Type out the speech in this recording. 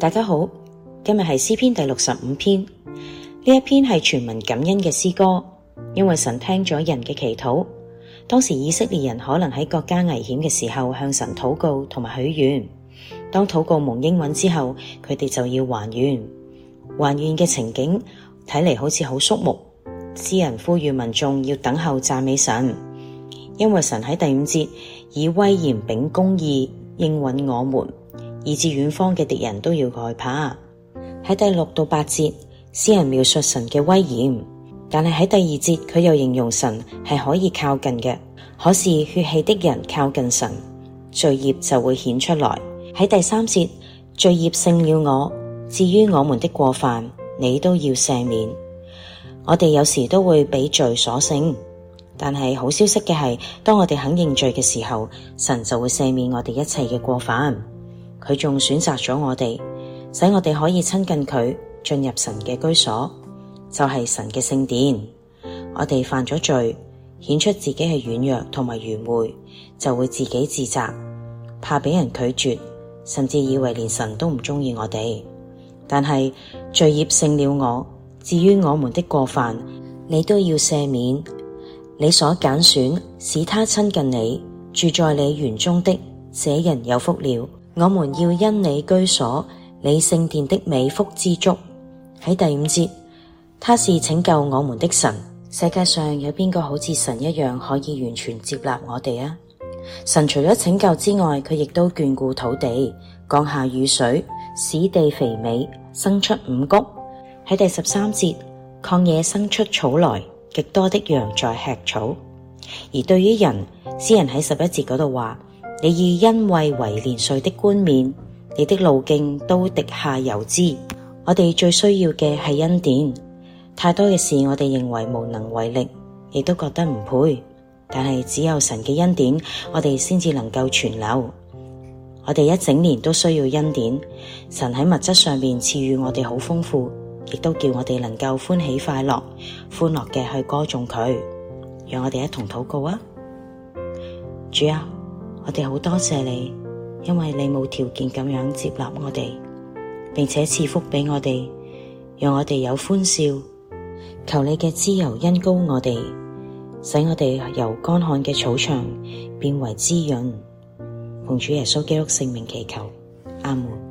大家好，今日係詩篇第六十五篇。呢一篇係全民感恩嘅詩歌，因為神聽咗人嘅祈禱。當時以色列人可能喺國家危險嘅時候向神禱告同埋許願。當禱告蒙應允之後，佢哋就要還願。還願嘅情景睇嚟，好似好肅穆，詩人呼籲民眾要等候讚美神，因為神喺第五節以威嚴秉公義應允我們。以至遠方嘅敵人都要害怕。喺第六到八節，詩人描述神嘅威嚴，但係喺第二節佢又形容神係可以靠近嘅。可是血氣的人靠近神，罪孽就會顯出來。喺第三節，罪孽勝了我。至於我們的過犯，你都要赦免。我哋有時都會俾罪所勝，但係好消息嘅係，當我哋肯認罪嘅時候，神就會赦免我哋一切嘅過犯。佢仲選擇咗我哋，使我哋可以親近佢，進入神嘅居所，就係、是、神嘅聖殿。我哋犯咗罪，顯出自己係軟弱同埋愚昧，就會自己自責，怕俾人拒絕，甚至以為連神都唔中意我哋。但係罪孽勝了我，至於我們的過犯，你都要赦免。你所揀選，使他親近你，住在你院中的這人有福了。我們要因你居所，你聖殿的美福知足。喺第五節，他是拯救我們的神。世界上有邊個好似神一樣可以完全接納我哋啊？神除咗拯救之外，佢亦都眷顧土地，降下雨水，使地肥美，生出五穀。喺第十三節，曠野生出草來，極多的羊在吃草。而對於人，詩人喺十一節嗰度話。你以恩惠為年歲的冠冕，你的路徑都滴下脂油。我哋最需要嘅係恩典，太多嘅事我哋認為無能為力，亦都覺得唔配。但係只有神嘅恩典，我哋先至能夠存留。我哋一整年都需要恩典。神喺物質上面賜予我哋好豐富，亦都叫我哋能夠歡喜快樂，歡樂嘅去歌頌佢。讓我哋一同禱告啊，主啊！我哋好多謝你，因為你冇條件咁樣接納我哋，並且賜福俾我哋，讓我哋有歡笑。求你嘅滋潤恩膏我哋，使我哋由乾旱嘅草場變為滋潤。奉主耶穌基督聖名祈求，阿門。